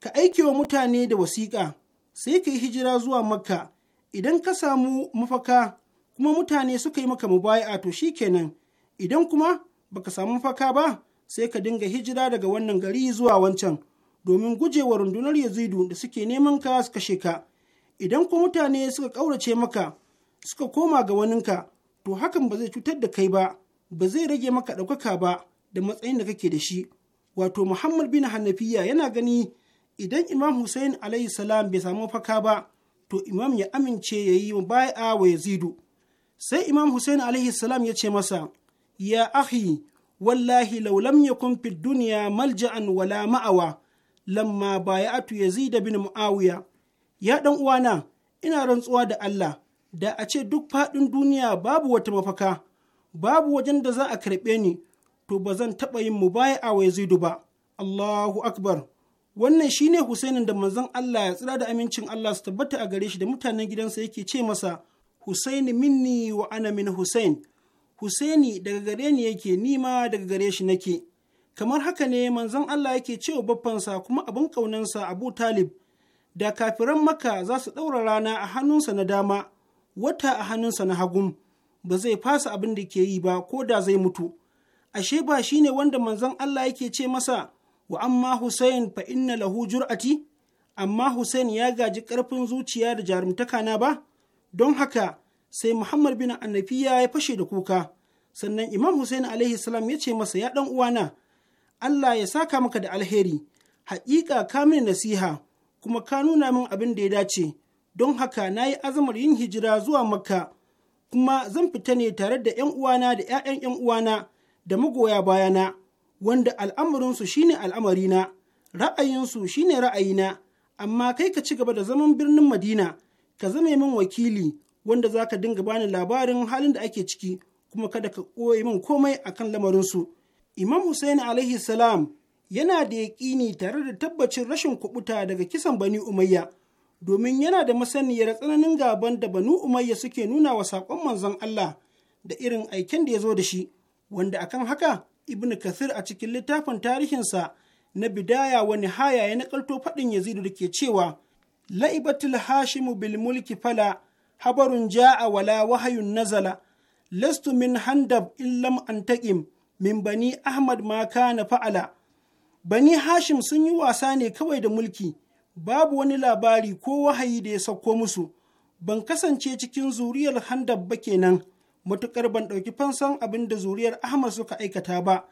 ka wa mutane da wasiƙa sai ka yi hijira zuwa makka idan ka samu mafaka kuma mutane suka yi maka mubaya'a to shi kenan, idan kuma baka samu mafaka ba sai ka dinga hijira daga wannan gari zuwa wancan domin gujewa rundunar yazidu da suke neman ka suka sheka idan kuma mutane suka ƙaurace maka suka koma ga waninka to hakan ba zai cutar da kai ba ba zai rage maka ɗaukaka ba da matsayin da kake da shi wato muhammad bin hannafiya yana gani idan imam hussein alayhi salam bai samu mafaka ba to imam ya amince ya yi a wa yazidu sai imam hussein alayhi salam ya ce masa ya ahi wallahi law lam yakun duniya dunya malja'an wala ma'awa lamma ba bayatu yazid bin muawiya ya dan uwana ina rantsuwa da Allah da a ce duk faɗin duniya babu wata mafaka babu wajen da za a karɓe ni to ba zan taɓa yin mubaya'a wa yazidu ba Allahu akbar wannan shi ne Husainin da manzon Allah ya tsira da amincin Allah su tabbata a gare shi da mutanen gidansa yake ce masa Husaini minni wa ana min Husain Husaini daga gare ni yake nima daga gare shi nake kamar haka ne manzon Allah yake cewa baffansa kuma abin kaunansa Abu Talib da kafiran maka za su ɗaura rana a hannunsa na dama wata a hannunsa na hagun ba zai fasa abin da ke yi ba ko da zai mutu ashe ba shine wanda manzon Allah yake ce masa wa amma Hussein fa inna lahu jur'ati amma Hussein ya gaji ƙarfin zuciya da jarumtaka na ba don haka sai Muhammad bin Annafiya ya fashe da kuka sannan Imam Hussein alaihi salam ya ce masa ya dan uwana Allah ya saka maka da alheri haƙiƙa ka mini nasiha kuma ka nuna min abin da ya dace don haka na yi azamar yin hijira zuwa makka kuma zan fita ne tare da 'yan uwana da 'ya'yan 'yan uwana da magoya bayana wanda shi shine al'amarina ra'ayinsu shi shine ra'ayina amma kai ka ci gaba da zaman birnin madina ka zame min wakili wanda za ka dinga bani labarin halin da ake ciki kuma kada ka ɓoye min komai a kan lamarinsu imam Hussein alaihi salam yana da yaƙini tare da tabbacin rashin kuɓuta daga kisan bani umayya domin yana da masaniyar tsananin gaban da bani umayya suke nuna wa saƙon manzon Allah da irin aiken da ya zo da shi wanda akan haka ibn kathir a cikin littafin tarihinsa na bidaya wani haya ya nakalto faɗin yazidu da ke cewa la'ibatul hashimu bil mulki fala habarun ja'a wala wahayun nazala lastu min handab illam antaqim min bani ahmad ma kana fa'ala bani hashim sun yi wasa ne kawai da mulki babu wani labari ko wahayi da ya sauko musu ban kasance cikin zuriyar handab ba kenan matukar ban ɗauki fansan abin da zuriyar Ahmad suka aikata ba.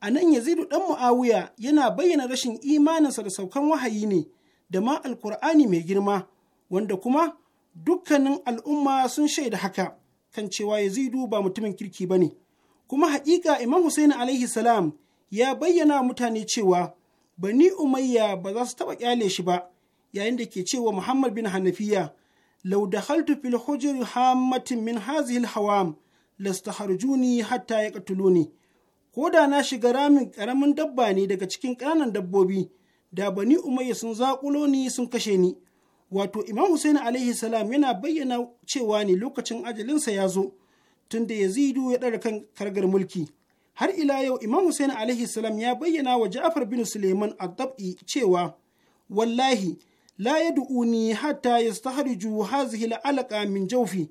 A nan Yazidu ɗan Mu'awiya yana bayyana rashin imaninsa da saukan wahayi ne da ma Alkur'ani mai girma, wanda kuma dukkanin al'umma sun shaida haka kan cewa Yazidu ba mutumin kirki ba ne. Kuma haƙiƙa Imam Hussein alaihi salam ya bayyana mutane cewa Bani Umayya ba za su taɓa ƙyale shi ba, yayin da ke cewa Muhammad bin Hanafiya لو دخلت في الحجر هامة من هذه الحوام لاستحرجوني حتى يقتلوني ko da na shiga ramin karamin dabba ne daga cikin ƙananan dabbobi da bani umayya sun zaƙulo ni sun kashe ni wato imam husaini alaihi yana bayyana cewa ne lokacin ajalinsa ya zo tunda yazidu ya ɗara kan kargar mulki har ila yau imam husaini alaihi ya bayyana wa ja'far bin suleiman addab'i cewa wallahi la yad'uni hatta yastahriju hazihi al'alqa min jaufi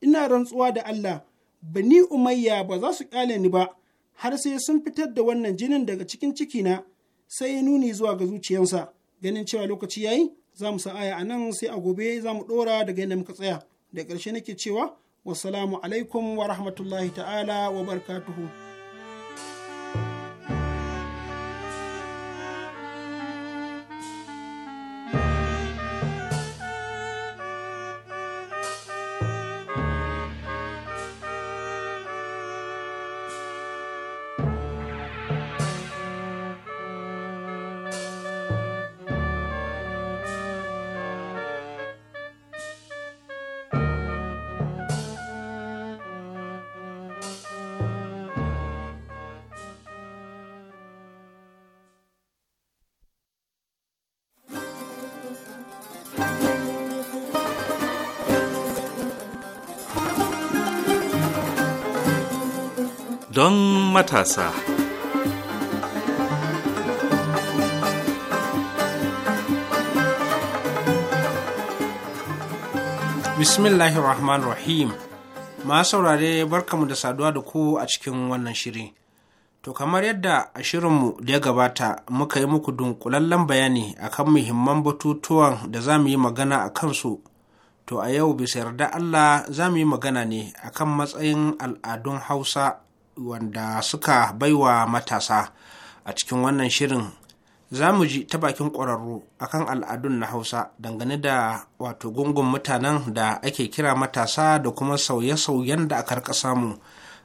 ina rantsuwa da Allah bani umayya ba za su kyale ni ba har sai sun fitar da wannan jinin daga cikin cikina sai ya nuni zuwa ga zuciyansa ganin cewa lokaci yayi za mu sa'aya a nan sai a gobe za mu ɗora daga yadda muka tsaya da ƙarshe nake cewa wasalamu alaikum wa rahmatullahi ta'ala wa barkatuhu. matasa. bismillahi rahman Rahim. Ma saurare barkamu da saduwa da ku a cikin wannan shiri. To kamar yadda a shirinmu da ya gabata muka yi muku dunkulallen bayani akan muhimman batutuwan da za mu yi magana a kansu. To a yau bisa yarda Allah za mu yi magana ne akan matsayin al'adun Hausa wanda suka baiwa matasa a cikin wannan shirin za mu ji ta bakin ƙwararru akan al'adun na hausa dangane da wato gungun mutanen da ake kira matasa da kuma sauye-sauyen da aka rika samu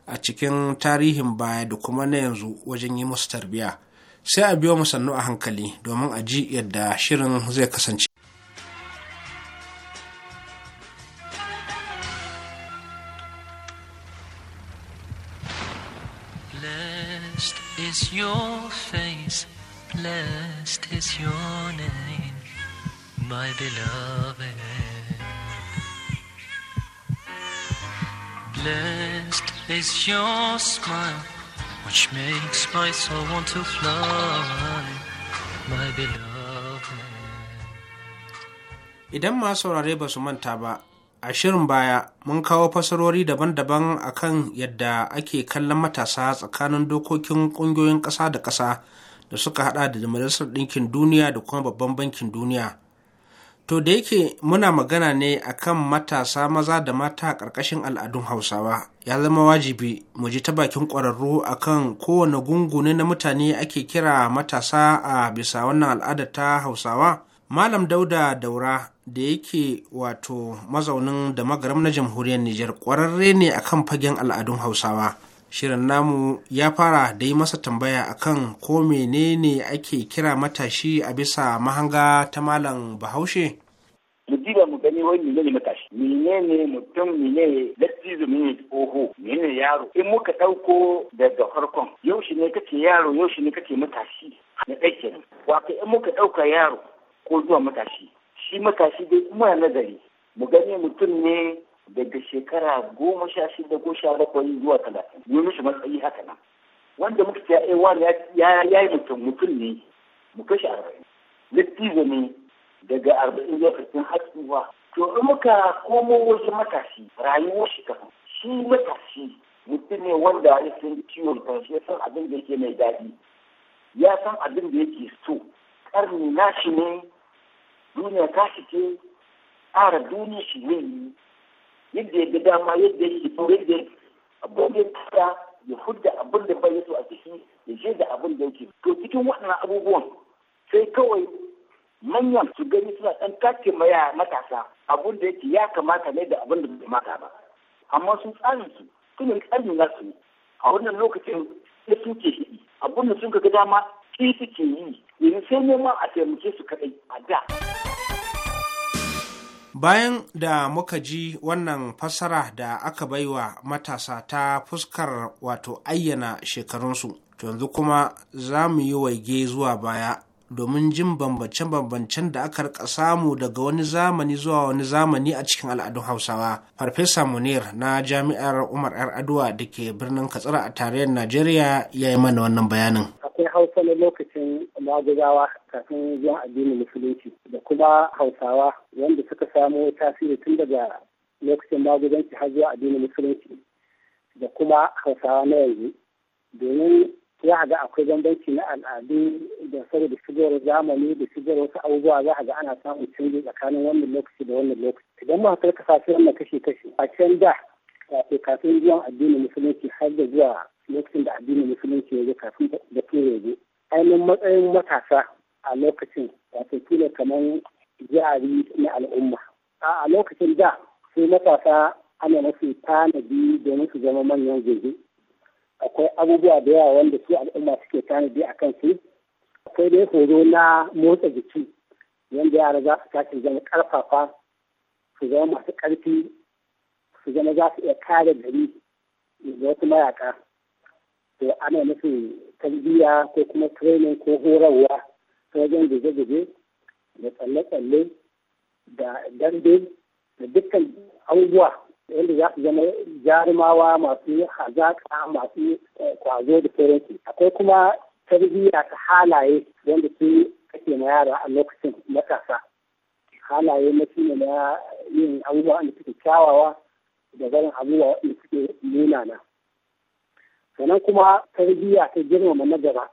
a cikin tarihin baya da kuma na yanzu wajen yi musu tarbiya sai a biyo mu sannu a hankali domin a ji yadda shirin zai kasance your face, blessed is your name, my beloved. Blessed is your smile, which makes my soul want to fly, my beloved. Idan masu saurare ba su manta ba, a shirin baya mun kawo fasarori daban-daban a kan yadda ake kallon matasa tsakanin dokokin ƙungiyoyin ƙasa da ƙasa da suka hada da majalisar ɗinkin duniya da kuma babban bankin duniya to da yake muna magana ne akan matasa maza da mata ƙarƙashin al'adun hausawa ya zama wajibi mu ji ta bakin ƙwararru akan kowane gungune na mutane ake kira matasa a bisa wannan al'adar ta hausawa malam dauda daura da yake wato mazaunin da magaram na jamhuriyar Nijar ƙwararre ne akan fagen al'adun Hausawa. Shirin namu ya fara da yi masa tambaya akan ko menene ake kira matashi a bisa mahanga ta malam Bahaushe. mu mu gani wai ne matashi menene mutum menene dattijo menene oho Mene yaro in muka ɗauko daga farkon yaushe ne kake yaro yaushe ne kake matashi na ɗaya kenan wato in muka ɗauka yaro ko zuwa matashi shi matashi dai kuma nazari mu gani mutum ne daga shekara goma sha shida ko sha bakwai zuwa talatin yi mishi matsayi haka nan wanda muka ce ai eh, wani ya yi mutum mutum ne mu kashe arba'in littizo ne daga arba'in zuwa fitin hatsuwa to in muka komo wasu matashi rayuwar shi kafin shi matashi mutum ne wanda ya san ciwon kanshi ya san abin da yake mai daɗi ya san abin da yake so ƙarni nashi ne duniya ta ce tsara duniya shi ne yi yadda ya ga dama yadda ya shi yadda abin da ya fudda abin da bai yato a cikin ya je da abin da yake to cikin waɗannan abubuwan sai kawai manyan su gani suna ɗan kake maya matasa abin da yake ya kamata ne da abin da bai mata ba amma sun tsarin su tun yi tsarin na su a wannan lokacin ya sun ke shi abin da sun ga dama ki suke yi yanzu sai neman a taimake su kaɗai a da. bayan da muka ji wannan fassara da aka baiwa matasa ta fuskar wato ayyana shekarunsu yanzu kuma za mu yi waige zuwa baya domin jin bambance-bambancen da aka rika samu daga wani zamani zuwa wani zamani a cikin al'adun hausawa farfesa munir na jami'ar umar 'yar aduwa da ke birnin katsira a tarayyar najeriya ya yi mana wannan bayanin akwai hausa na lokacin maguzawa kafin zuwa addinin musulunci da kuma hausawa wanda suka samo tasiri tun daga lokacin maguzanci har zuwa addinin musulunci da kuma hausawa na yanzu domin ya a ga akwai bambanci na al'adu da saboda shigar zamani da shigar wasu abubuwa za a ga ana samun canji tsakanin wannan lokaci da wannan lokaci idan muka karka sashi wannan kashi kashi a can da kafin zuwa addinin musulunci har da zuwa lokacin da addinin musulunci ya zo kafin da tura ya zo ainihin matsayin matasa a lokacin wato tuna kamar jari na al'umma a lokacin da sai matasa ana nufin tanadi domin su zama manyan gobe akwai abubuwa da yawa wanda su al'umma suke tanadi a kan su akwai dai horo na motsa jiki yadda yara za su tashi zama karfafa su zama masu karfi su zama za su iya kare gari da wasu mayaka to eh, ana nufin tarbiyya ko kuma training ko horarwa ta wajen guje-guje da tsalle-tsalle da dambe da dukkan abubuwa yadda za su zama jarumawa masu hazaƙa masu kwazo eh, da sauransu akwai kuma tarbiyya ta halaye wanda su kake na yara a lokacin matasa halaye na na yin abubuwa da suke kyawawa da barin abubuwa da suke munana sannan kuma tarbiyya ta girmama na gaba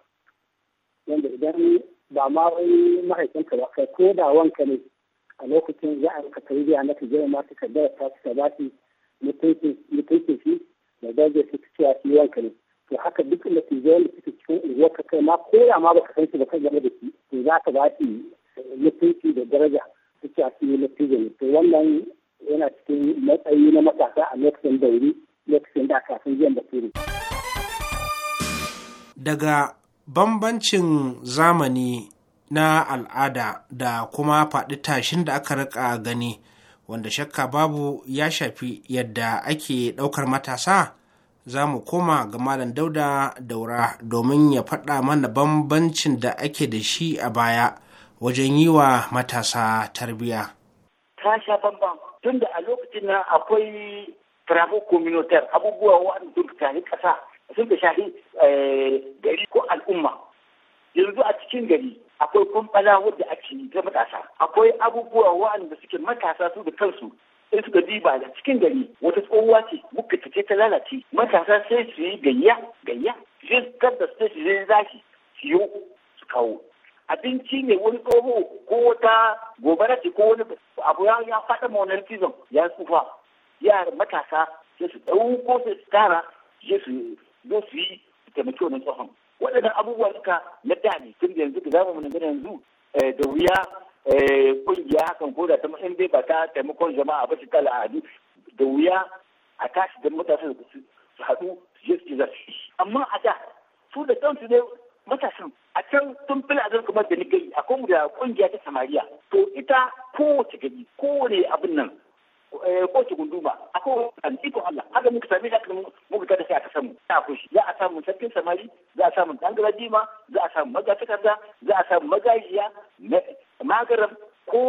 wanda idan ba ma wai mahaifinka ba kai ko da wanka ne a lokacin za a rika tarbiyya na ka girmama ta ka ta ka ba shi mutuncin shi da dage su ta cewa shi wanka ne to haka duk da ke zai suke cikin unguwar ka kai ma ko da ma baka san shi ba ka gaba da shi to za ka ba shi mutunci da daraja ta cewa shi mutunci ne to wannan yana cikin matsayi na matasa a lokacin dauri lokacin da kafin jiyan da turi. daga bambancin zamani na al'ada da kuma faɗi tashin da aka rika gani wanda shakka babu ya shafi yadda ake ɗaukar matasa za mu koma ga malam dauda daura domin ya faɗa mana bambancin da ake da shi a baya wajen yi wa matasa tarbiya. ta sha bambam tun da a lokacin nan akwai trafo communautaire abubuwa wa'anda sun ƙasa sun shafi Eh, gari ko al'umma yanzu a cikin gari akwai kumfana wadda ake yi ta matasa akwai abubuwa waɗanda suke matasa su da kansu in suka diba da cikin gari wata tsohuwa ce muka tace ta lalace matasa sai su yi gayya gayya sai kada sai su yi zaki su yi su kawo abinci ne wani tsoho ko wata gobara ce ko wani abu ya faɗa ma wani rikizon ya tsufa yara matasa sai su ɗauko sai su tara sai su su yi taimaki wannan tsohon waɗannan abubuwa suka na da ne tun yanzu da zamu mun yanzu eh, da wuya kungiya eh, hakan ko da ta in dai ba ta taimakon jama'a ba su kala al'adu da wuya a tashi da matasan su haɗu su je su ci zarafi amma a da su da kansu ne matasan a can tun fila zan kuma da ni gari akwai mu da kungiya ta samariya to ita kowace gari kowane abin nan Eh, kowace gunduma akwai wani ikon Allah haka muka sami haka muka kada sai a kasan mu ta fushi za a samu sarkin samari za a samu dangara dima za a samu maza takarda za a samu magajiya magaram ko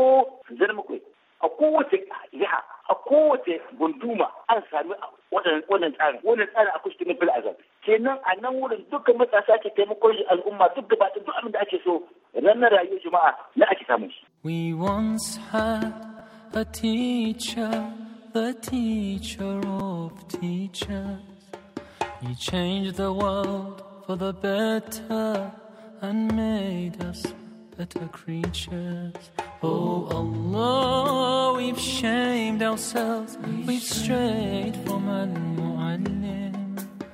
zarmakwai a kowace jiha a kowace gunduma an sami wannan tsarin wannan tsarin a kusa bil azab kenan a nan wurin duka matasa ke taimakon al'umma duk gaba duk abin da ake so ranar rayuwar jama'a na ake samun shi. a teacher, the teacher of teachers. He changed the world for the better and made us better creatures. Oh Allah, we've shamed ourselves, we've strayed from an muallim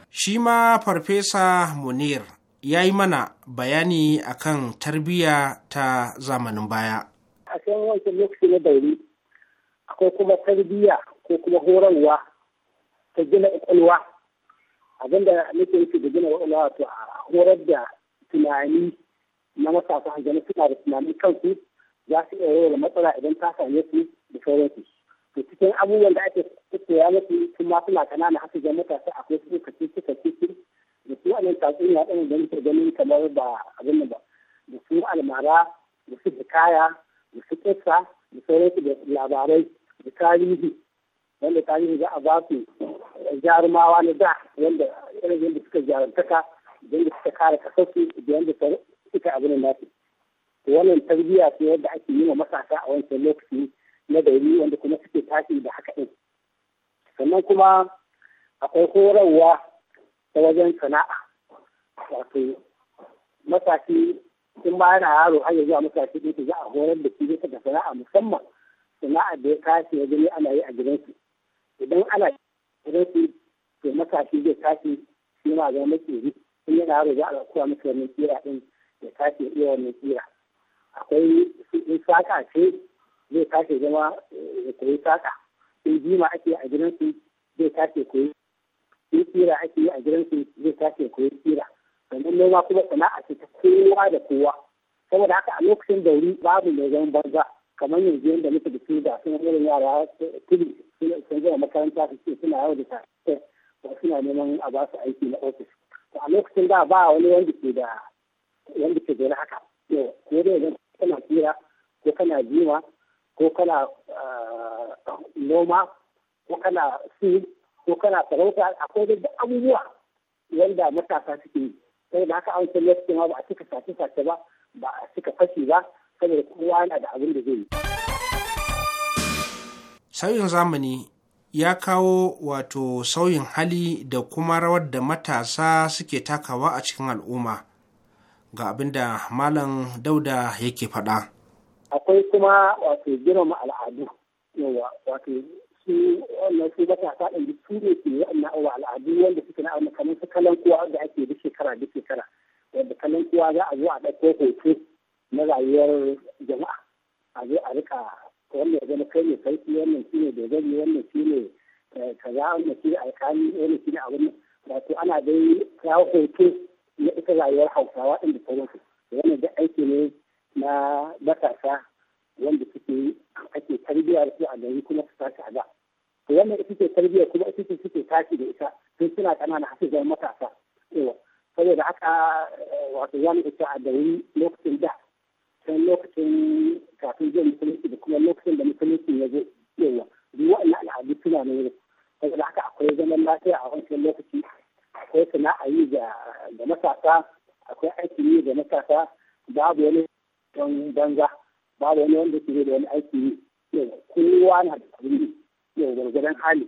Shima ma Munir ya yi mana bayani akan tarbiyya ta zamanin baya. A kan wancan lokaci na ko kuma tarbiyya ko kuma horarwa ta gina ƙwaƙwalwa abinda nake nufi da gina ƙwaƙwalwa to a horar da tunani na matasa hanzari suna da tunanin kansu za su iya yawar matsala idan ta same su da sauransu to cikin abubuwan da ake koya musu sun ma suna kanana haka ga matasa akwai su kace suka ciki da su anan tatsuniya ɗan da muke ganin kamar ba abin ba da su almara da su kaya da su kissa da sauransu da labarai da tarihi wanda tarihi za a ba su jarumawa na da wanda irin yadda suka jarantaka da suka kare kasarsu da yadda suka abin nasu wannan tarbiyya ce yadda ake yi wa matasa a wancan lokaci na gari wanda kuma suke tashi da haka ɗin sannan kuma akwai horarwa ta wajen sana'a wato matashi in ma yana yaro har ya zuwa matashi ɗin za a horar da shi da sana'a musamman sana'a da ya kashe ya gani ana yi a gidansu idan ana gidansu to matashi zai kashe shi ma zama yi sun yana yaro za a kuwa mace wannan tsira din ya kashe ya iya wannan tsira akwai in saka ce zai kashe zama eh, ya koyi saka in jima ake a gidansu zai kashe koyi in tsira ake a gidansu zai kashe koyi tsira sannan noma kuma sana'a ce ta kowa da kowa saboda haka a lokacin dauri babu mai zaman banza kamar yanzu yadda muka da su da sun irin yara tudu sun zama makaranta su ce suna yau da tafiye suna neman a ba su aiki na ofis a lokacin da ba wani wanda ke da wanda ke da haka ko dai idan kana tsira ko kana jima ko kana ah, noma ko kana su ko kana sarauta akwai da abubuwa wanda matasa suke yi sai da haka an san lokacin ba a cika sace-sace ba ba a cika fashi ba saboda kowa yana da abin da zai yi sauyin zamani ya kawo wato sauyin hali da kuma rawar da matasa suke takawa a cikin al'umma ga abin da malam dauda yake faɗa. akwai kuma wato girma al'adu wato su wannan su matasa ɗin su ne ke wa al'adu wanda suke na kamar su kalan kowa da ake da shekara da shekara wanda kalan kowa za a zo a ɗauko hoto na rayuwar jama'a a zai a rika wannan ya zama kai ne sarki wannan shine dogari wannan shine eh, kaza wannan shine alƙali wannan shine abin nan wato ana dai kawo hoto na ita rayuwar hausawa inda wasu wannan da aiki ne na matasa wanda suke ake tarbiyyar su a gari kuma su tashi a da to wannan ita ce tarbiyyar kuma ita ce suke tashi da ita tun suna ƙanana har su zama matasa saboda haka eh, wato zamu ita a gari lokacin da kan lokacin kafin zai musulunci da kuma lokacin da musulunci ya zo yawa duk waɗannan al'adu suna ne saboda haka akwai zaman lafiya a wancan lokaci akwai sana'a yi ga matasa akwai aikin yi ga matasa babu wani don banza babu wani wanda ke da wani aiki yi kowa na da abin yi yau gwargwadon hali.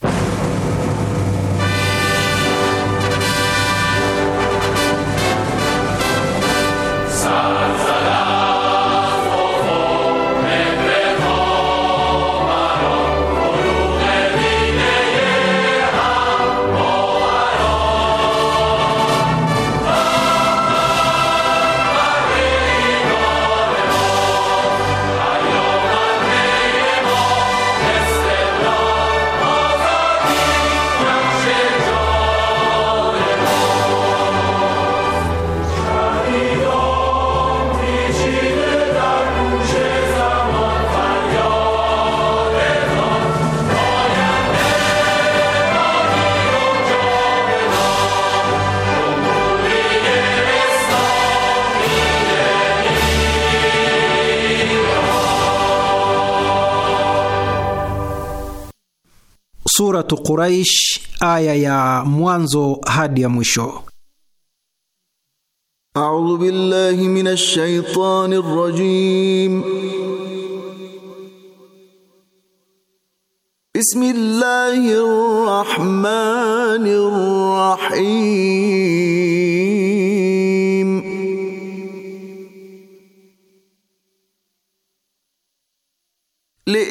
Quraish, aya ya mwanzo hadi ya mwisho. A'udhu billahi minash shaitani rajim. Bismillahir rahmanir rahim. Li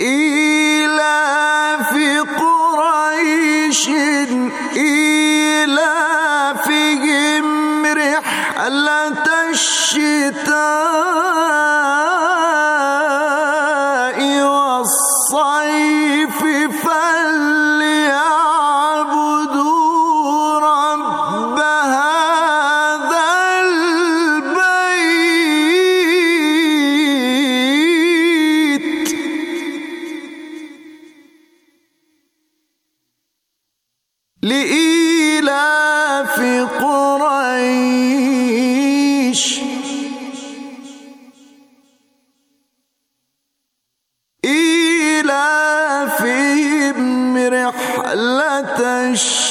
قريش إيلافهم رحلة الشتاء